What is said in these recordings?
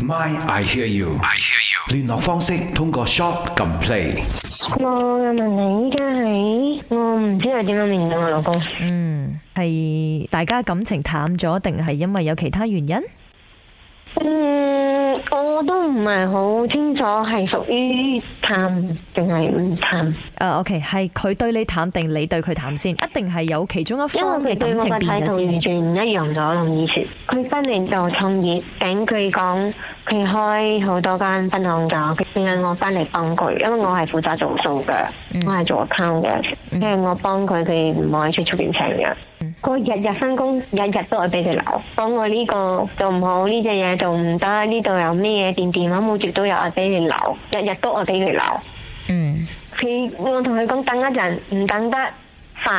My, I hear you. I hear you. 聯絡方式通過 short complaint。我有問你依家係，我唔知係點樣面對我老公。嗯，係大家感情淡咗，定係因為有其他原因？嗯。我都唔係好清楚係屬於探定係唔探。誒、uh，OK，係佢對你探定你對佢探先，一定係有其中一方嘅感情變咗先。因為佢對我個態度完全唔一樣咗，同以前。佢新年就創業，聽佢講佢開好多間分行嘅，佢請我翻嚟幫佢，因為我係負責做數嘅，我係做 account 嘅，嗯、因為我幫佢，佢唔喺出出邊請嘅。佢日日返工，日日都係俾佢留。講我呢個做唔好，呢隻嘢做唔得，呢度有咩嘢，電電話，冇接到，又我俾佢留，日日都我俾佢留。嗯，佢我同佢講等一陣，唔等得。快！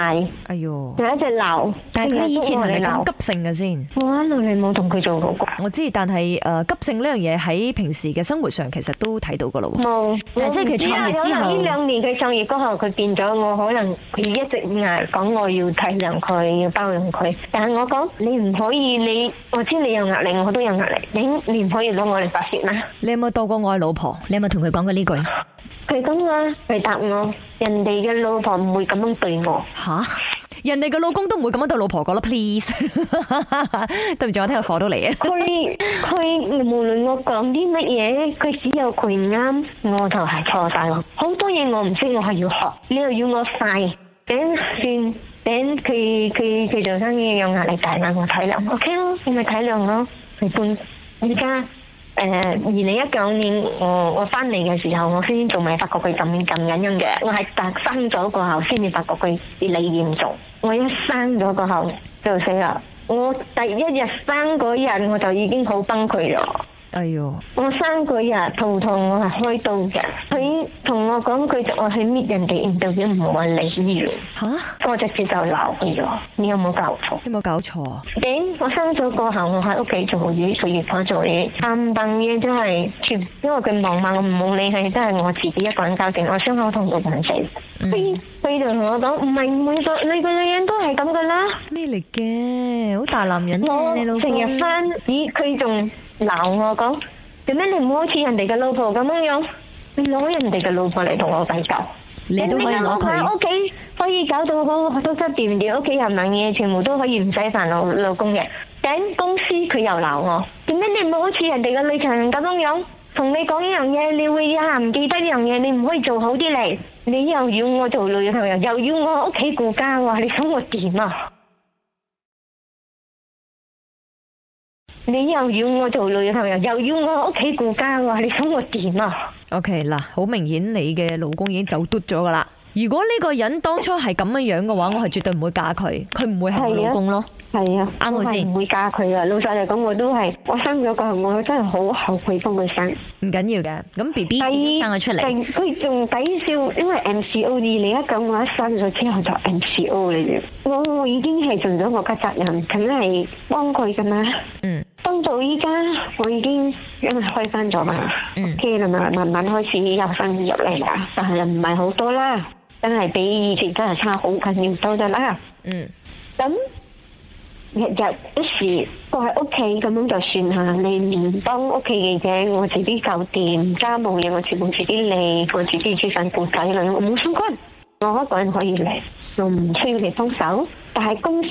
哎喲，有一隻鬧，但係佢以前係咪講急性嘅先？我一路女冇同佢做過。我知，但係誒急性呢樣嘢喺平時嘅生活上其實都睇到噶啦。冇沒，即係佢創業之後呢兩年佢創業之後佢變咗，我可能佢一直以嚟講我要體諒佢，要包容佢。但係我講你唔可以，你我知你有壓力，我都有壓力。你你唔可以攞我嚟發泄嘛？你有冇到過我老婆？你有冇同佢講過呢句？佢咁樣佢答我，人哋嘅老婆唔會咁樣對我。吓！人哋嘅老公都唔會咁樣對老婆講啦 please 對唔住，我聽日火都嚟。啊！佢佢無論我講啲乜嘢，佢只有佢唔啱，我就係錯晒咯。好多嘢我唔識，我係要學，你又要我快頂算頂。佢佢佢做生意有壓力大，我體諒，OK 咯，你咪體諒咯，你半，判而家。誒，二零一九年我我翻嚟嘅時候，我先仲未發覺佢咁咁緊張嘅，我係生咗過後先至發覺佢越嚟越嚴重。我一生咗過後就死啦，我第一日生嗰日我就已經好崩潰咗。哎喲，我生嗰日，肚痛我係開刀嘅，佢同我講佢就要去搣人哋，究竟唔係你啊？吓，我直接就鬧佢咗，你有冇搞錯？有冇搞錯？點？我生咗過後，我喺屋企做嘢，隨月花做嘢，晏頓嘢都係全，因為佢忙嘛，我唔好理佢，都係我自己一個人搞掂，我傷口痛到鬼死。佢，佢就同我講，唔係每個你個女人。嚟嘅好大男人咧，你成日翻咦？佢仲鬧我講，點解你唔好似人哋嘅老婆咁樣樣？你攞人哋嘅老婆嚟同我計較，你都可以攞佢。喺屋企可以搞到好都得掂掂，屋企又唔諗嘢，全部都可以唔使煩惱老公嘅。頂公司佢又鬧我，點解你唔好似人哋嘅女強人咁樣樣？同你講呢樣嘢，你會一下唔記得呢樣嘢，你唔可以做好啲嚟？你又要我做女強人，又要我屋企顧家，哇！你想我點啊？你又要我做女朋友，又要我屋企顧家，你想我點啊？O K 嗱，好、okay，明顯你嘅老公已經走嘟咗噶啦。如果呢個人當初係咁樣樣嘅話，我係絕對唔會嫁佢，佢唔會係我老公咯。係啊，啱好我先。我唔會嫁佢啊。老實嚟講我都係，我生咗個我真係好後悔幫佢生。唔緊要嘅，咁 B B 已經生咗出嚟，佢仲抵笑，因為 M C O 二零一九我一生咗之後就 M C O 嚟嘅，我就我已經係盡咗我嘅責任，咁係幫佢噶嘛。嗯。到依家我已經因為開翻咗嘛，ok 啦嘛，慢慢開始有生意入嚟啦，但係又唔係好多啦，真係比以前真係差好緊要多得啦。啊、嗯，咁日日一時坐喺屋企咁樣就算吓，你唔幫屋企嘅嘢，我自己搞掂，家務嘢我全部自己嚟，我自己煮飯顧仔女，我冇心肝。我一個人可以嚟。我唔需要你幫手，但係公司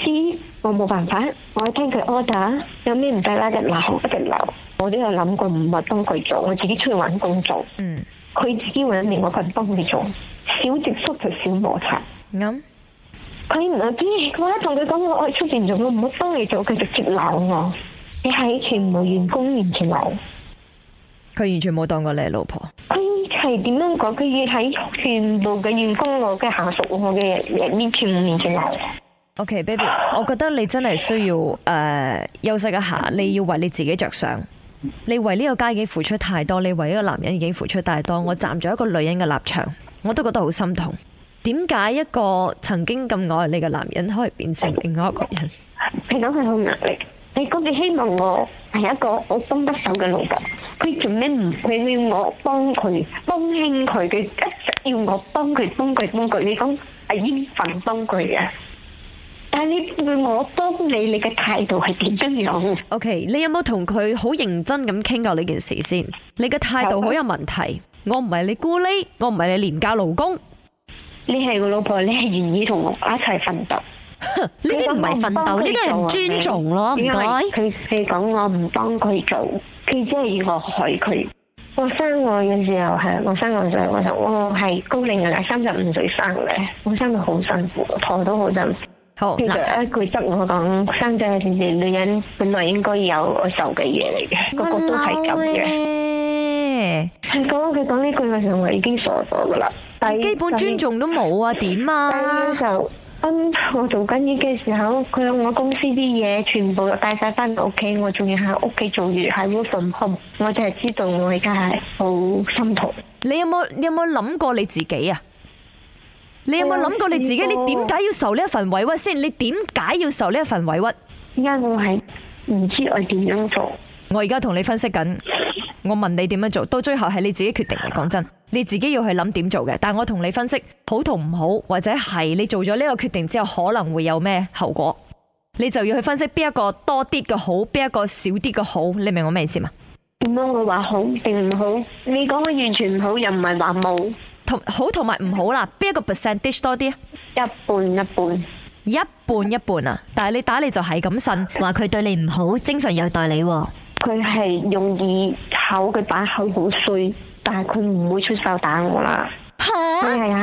我冇辦法，我要聽佢 order。有咩唔得啦？一鬧，一直鬧。我都有諗過唔咪幫佢做，我自己出去搵工，嗯、做。嗯，佢自己搵另外一份幫佢做，少接觸就少摩擦。咁佢唔理啲，我一同佢講我喺出邊做，我唔好幫你做，佢直接鬧我。你喺全部員工面前鬧。佢完全冇當過你老婆。佢係點樣講？佢要喺全部嘅員工、我嘅下屬、我嘅人面全部面前流。OK，baby、okay，我覺得你真係需要誒、uh, 休息一下。你要為你自己着想。你為呢個家已經付出太多，你為呢個男人已經付出太多。我站住一個女人嘅立場，我都覺得好心痛。點解一個曾經咁愛你嘅男人可以變成另外一個人？係因佢好壓力。你講你希望我係一個我幫得手嘅老公，佢做咩唔佢要我幫佢幫興佢？佢一直要我幫佢幫佢幫佢，你講係應份幫佢嘅。但係你我幫你，你嘅態度係點樣？Okay，你有冇同佢好認真咁傾過呢件事先？你嘅態度好有問題。Okay. 我唔係你咕喱，我唔係你廉價勞工。你係個老婆，你係願意同我一齊奮鬥。呢啲唔係奮鬥，呢啲係尊重咯，點解？佢佢講我唔幫佢做，佢即係要我害佢。我生我嘅時候係我生我嘅時候，我我係高齡人，啦，三十五歲生嘅，我生到好辛苦，婆都辛苦好辛憎。好後喏一句執我講生仔嘅全全女人本來應該有我受嘅嘢，嚟嘅，個個都係咁嘅。佢講佢講呢句嘅時候我已經傻傻噶啦，但係基本尊重都冇啊？點啊？但係嘅時候。嗯、我做緊嘢嘅時候，佢我公司啲嘢全部帶晒翻到屋企，我仲要喺屋企做住喺窩房空，我淨係知道我而家係好心痛。你有冇你有冇諗過你自己啊？你有冇諗過你自己？你點解要受呢一份委屈先？你點解要受呢一份委屈？而家我係唔知我點樣做。我而家同你分析緊，我問你點樣做，到最後係你自己決定嘅。講真。你自己要去諗點做嘅，但係我同你分析好同唔好，或者係你做咗呢個決定之後可能會有咩後果，你就要去分析邊一個多啲嘅好，邊一個少啲嘅好，你明我咩意思嘛？點樣會話好定唔好？你講嘅完全唔好又唔係話冇同好同埋唔好啦？邊一個 percent dish 多啲？一半一半，一半一半啊！但係你打你就係咁信，話佢對你唔好，精神虐待你，啊。佢係用耳口，佢把口好碎，但係佢唔會出手打我啦。吓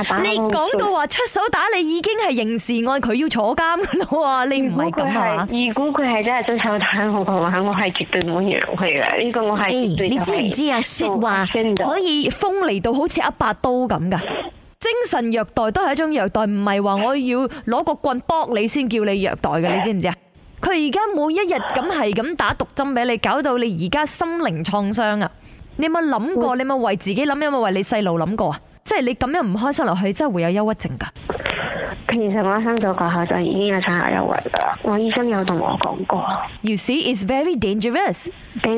哈，你講到話出手打你，已經係刑事案，佢要坐監噶啦。 我話你唔係咁啊？如果佢係真係出手打我嘅，就是 hey, 話，我係絕對唔會讓佢嘅。呢個我你知唔知啊？說話可以鋒利到好似一把刀咁噶。精神虐待都係一種虐待，唔係話我要攞個棍剝你先叫你虐待嘅。你知唔知啊？ 佢而家每一日咁係咁打毒針俾你，搞到你而家心靈創傷啊！你有冇諗過？會 你有冇為自己諗？有冇為你細路諗過啊？即係你咁樣唔開心落去，真係會有憂鬱症噶。其實我一生咗過後就已經有產後憂鬱啦，我醫生有同我講過。You see, it's very dangerous. 但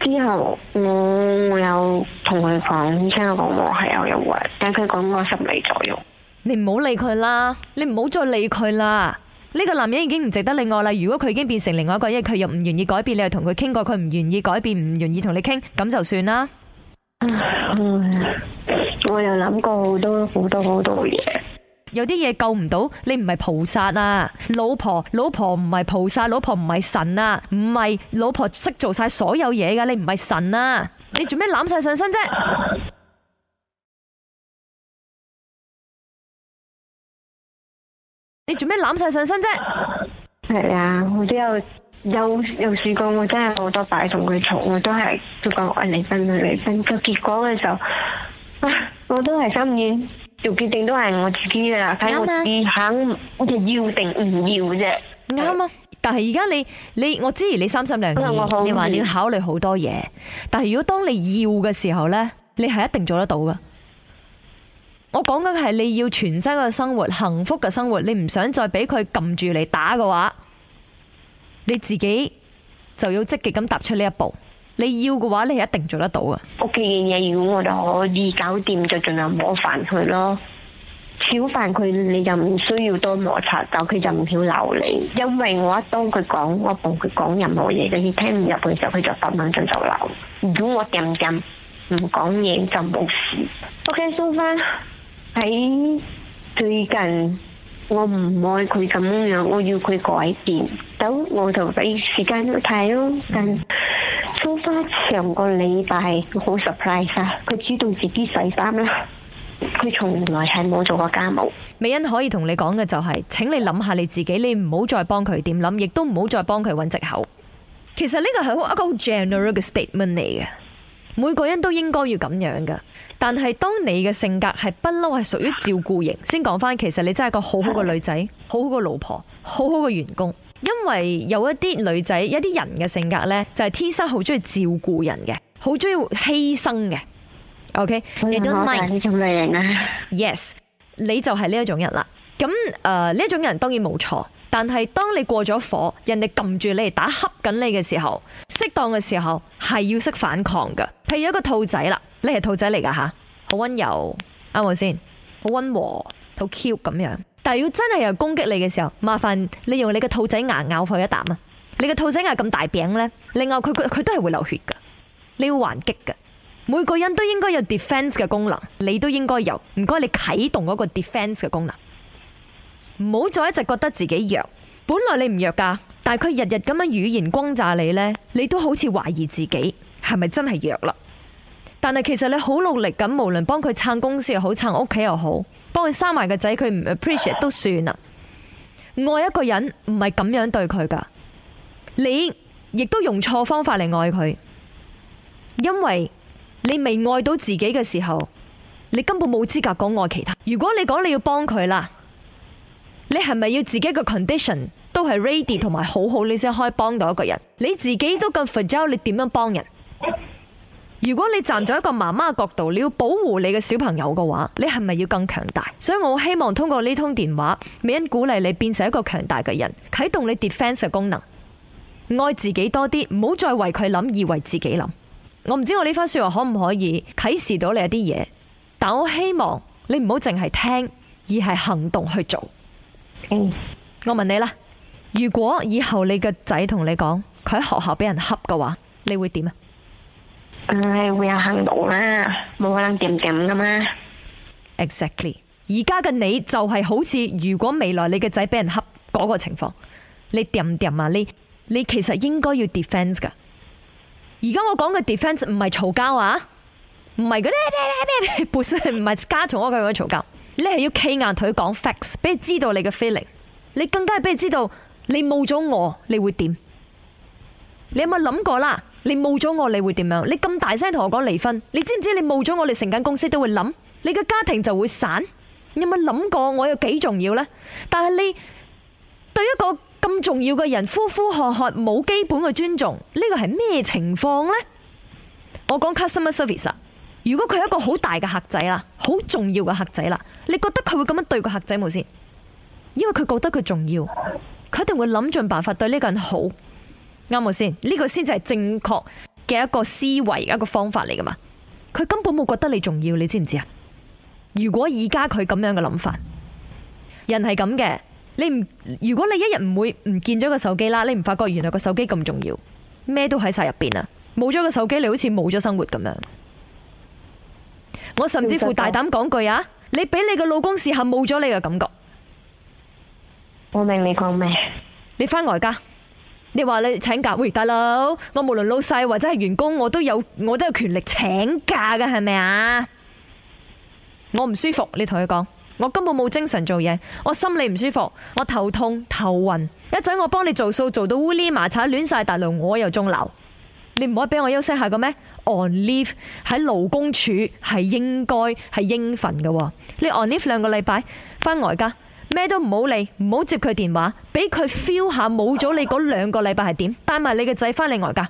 之後我有同佢講，醫生講我係有憂鬱，但佢講我心理作用。你唔好理佢啦，你唔好再理佢啦。呢個男人已經唔值得你愛啦。如果佢已經變成另外一個，因為佢又唔願意改變，你又同佢傾過，佢唔願意改變，唔願意同你傾，咁就算啦。 我又諗過好多好多好多嘢，有啲嘢救唔到你，唔係菩薩啊，老婆老婆唔係菩薩，老婆唔係神啊，唔係老婆識做晒所有嘢噶，你唔係神啊，你做咩攬晒上身啫？ 你做咩攬晒上身啫？係啊，我都有有試過，我真係好多擺同佢嘈，我都係都講愛離婚啊離婚。個結果嘅時候，我都係心意。就決定都係我自己噶。睇我意肯，我就要定唔要啫。啱啊！但係而家你你，我知你三心兩意， 你話你要考慮好多嘢。但係如果當你要嘅時候咧，你係一定做得到噶。我講緊係你要全新嘅生活，幸福嘅生活，你唔想再俾佢撳住嚟打嘅話，你自己就要積極咁踏出呢一步。你要嘅話，你係一定做得到嘅。屋企嘅嘢如果我哋可以搞掂，就盡量冇煩佢咯。少煩佢，你就唔需要多摩擦，就佢就唔會鬧你。因為我一當佢講，我同佢講任何嘢，你聽唔入嘅時候，佢就發猛陣就鬧。如果我忍忍，唔講嘢就冇事。OK，收、so、翻。喺最近我唔愛佢咁樣，我要佢改變，都、嗯、我就俾時間佢睇咯。但做翻長個禮拜，好 surprise 啊！佢主動自己洗衫啦。佢從來係冇做過家務。美恩可以同你講嘅就係、是，請你諗下你自己，你唔好再幫佢點諗，亦都唔好再幫佢揾藉口。其實呢個係一個好 general 嘅 statement 嚟嘅。每個人都應該要咁樣噶，但係當你嘅性格係不嬲，係屬於照顧型， 先講返，其實你真係個好， 好好嘅女仔，好好嘅老婆，好好嘅員工。因為有一啲女仔，一啲人嘅性格呢，就係天生好中意照顧人嘅，好中意犧牲嘅。OK，你都係呢種類型啊？Yes，你就係呢一種人啦。咁誒，呢、呃、一種人當然冇錯。但係當你過咗火，人哋撳住你打，恰緊你嘅時候，適當嘅時候係要識反抗噶。譬如一個兔仔啦，你係兔仔嚟噶吓，好溫柔啱冇先，好溫和，好 cute 咁樣。但係要真係有攻擊你嘅時候，麻煩你用你嘅兔仔牙咬佢一啖啊！你嘅兔仔牙咁大餅呢，另外佢佢都係會流血噶，你要還擊噶。每個人都應該有 defense 嘅功能，你都應該有。唔該，你啟動嗰個 defense 嘅功能。唔好再一直覺得自己弱，本來你唔弱噶，但係佢日日咁樣語言轟炸你呢，你都好似懷疑自己係咪真係弱啦？但係其實你好努力咁，無論幫佢撐公司又好，撐屋企又好，幫佢生埋個仔，佢唔 appreciate 都算啦。愛一個人唔係咁樣對佢噶，你亦都用錯方法嚟愛佢，因為你未愛到自己嘅時候，你根本冇資格講愛其他。如果你講你要幫佢啦。你係咪要自己個 condition 都係 ready，同埋好好，你先可以幫到一個人。你自己都咁 fragile，你點樣幫人？如果你站在一個媽媽角度，你要保護你嘅小朋友嘅話，你係咪要更強大？所以我希望通過呢通電話，勉鼓勵你變成一個強大嘅人，啟動你的 defense 嘅功能，愛自己多啲，唔好再為佢諗，而為自己諗。我唔知我呢番說話可唔可以啟示到你一啲嘢，但我希望你唔好淨係聽，而係行動去做。我問你啦，如果以後你個仔同你講佢喺學校俾人恰嘅話，你會點啊？誒、嗯，會有行動啦，冇可能掂掂噶嘛？Exactly，而家嘅你就係好似，如果未來你嘅仔俾人恰嗰個情況，你掂唔掂啊？你你其實應該要 defence 噶。而家我講嘅 defence 唔係嘈交啊，唔係嗰啲咩咩唔係加嘈屋企嘅嘈交。 你係要企硬同佢講 facts，俾佢知道你嘅 feeling，你更加係俾佢知道你冇咗我你會點？你有冇諗過啦？你冇咗我你會點樣？你咁大聲同我講離婚，你知唔知你冇咗我，你成間公司都會諗，你嘅家庭就會散。你有冇諗過我有幾重要呢？但係你對一個咁重要嘅人呼呼喝喝冇基本嘅尊重，呢個係咩情況呢？我講 customer service，如果佢係一個好大嘅客仔啦，好重要嘅客仔啦。你覺得佢會咁樣對個客仔冇先？因為佢覺得佢重要，佢一定會諗盡辦法對呢個人好。啱冇先？呢個先至係正確嘅一個思維，一個方法嚟噶嘛？佢根本冇覺得你重要，你知唔知啊？如果而家佢咁樣嘅諗法，人係咁嘅。你唔，如果你一日唔會唔見咗個手機啦，你唔發覺原來個手機咁重要，咩都喺晒入邊啊！冇咗個手機，你好似冇咗生活咁樣。我甚至乎大膽講句啊！你俾你個老公試下冇咗你嘅感覺。我明你講咩？你返外、呃、家？你話你請假？喂大佬，我無論老細或者係員工，我都有我都有權力請假㗎，係咪啊？我唔舒服，你同佢講，我根本冇精神做嘢，我心理唔舒服，我頭痛頭暈，一陣我幫你做數做到烏哩麻茶亂晒大亂，我又中流，你唔可以俾我休息下嘅咩？on leave 喺勞工處係應該係應份嘅，你 on leave 兩個禮拜返外家，咩都唔好理，唔好接佢電話，俾佢 feel 下冇咗你嗰兩個禮拜係點，帶埋你個仔返你外家，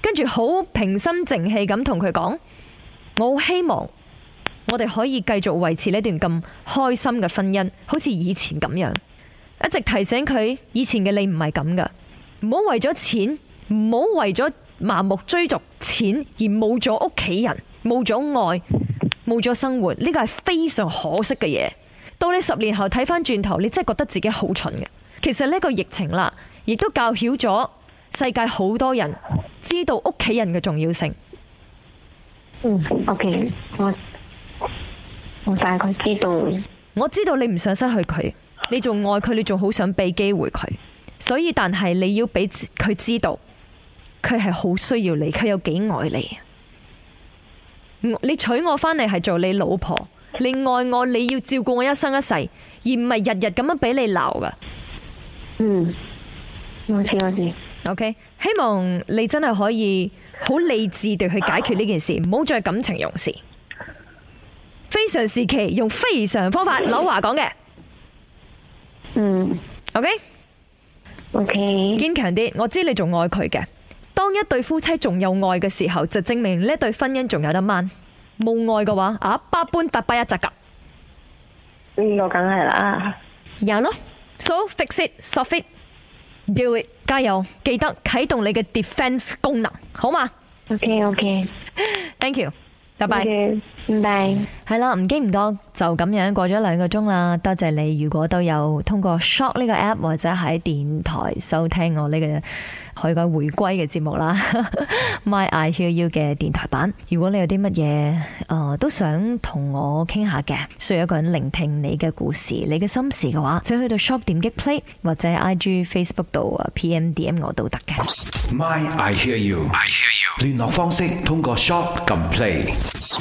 跟住好平心靜氣咁同佢講，我好希望我哋可以繼續維持呢段咁開心嘅婚姻，好似以前咁樣，一直提醒佢以前嘅你唔係咁噶，唔好為咗錢，唔好為咗。盲目追逐錢而冇咗屋企人、冇咗愛、冇咗生活，呢個係非常可惜嘅嘢。到你十年後睇翻轉頭，你真係覺得自己好蠢嘅。其實呢個疫情啦，亦都教曉咗世界好多人知道屋企人嘅重要性。嗯，OK，我我大概知道。我知道你唔想失去佢，你仲愛佢，你仲好想俾機會佢。所以，但係你要俾佢知道。佢係好需要你，佢有幾愛你？你娶我返嚟係做你老婆，你愛我，你要照顧我一生一世，而唔係日日咁樣俾你鬧噶。嗯，我知，我知。O K，希望你真係可以好理智地去解決呢件事，唔好再感情用事。非常時期用非常方法，柳華講嘅。嗯。O K。O K。堅強啲，我知你仲愛佢嘅。當一對夫妻仲有愛嘅時候，就證明呢一對婚姻仲有得掹。冇愛嘅話，啊百般突不一集噶。呢個梗係啦，有咯。So fix it, Sophie, do it，加油，記得啟動你嘅 defense 功能，好嘛？Okay, okay, thank you，拜拜。Okay. Bye。Goodbye。係啦，唔經唔多，就咁樣過咗兩個鐘啦。多謝你，如果都有通過 Shock 呢個 app 或者喺電台收聽我呢個。可以回歸嘅節目啦，My I Hear You 嘅電台版。如果你有啲乜嘢誒都想同我傾下嘅，需要一個人聆聽你嘅故事、你嘅心事嘅話，就去到 Shop 點擊 Play 或者 I G Facebook 度啊 P M D M 我都得嘅。My I Hear You，I Hear You，聯絡方式通過 Shop 撳 Play。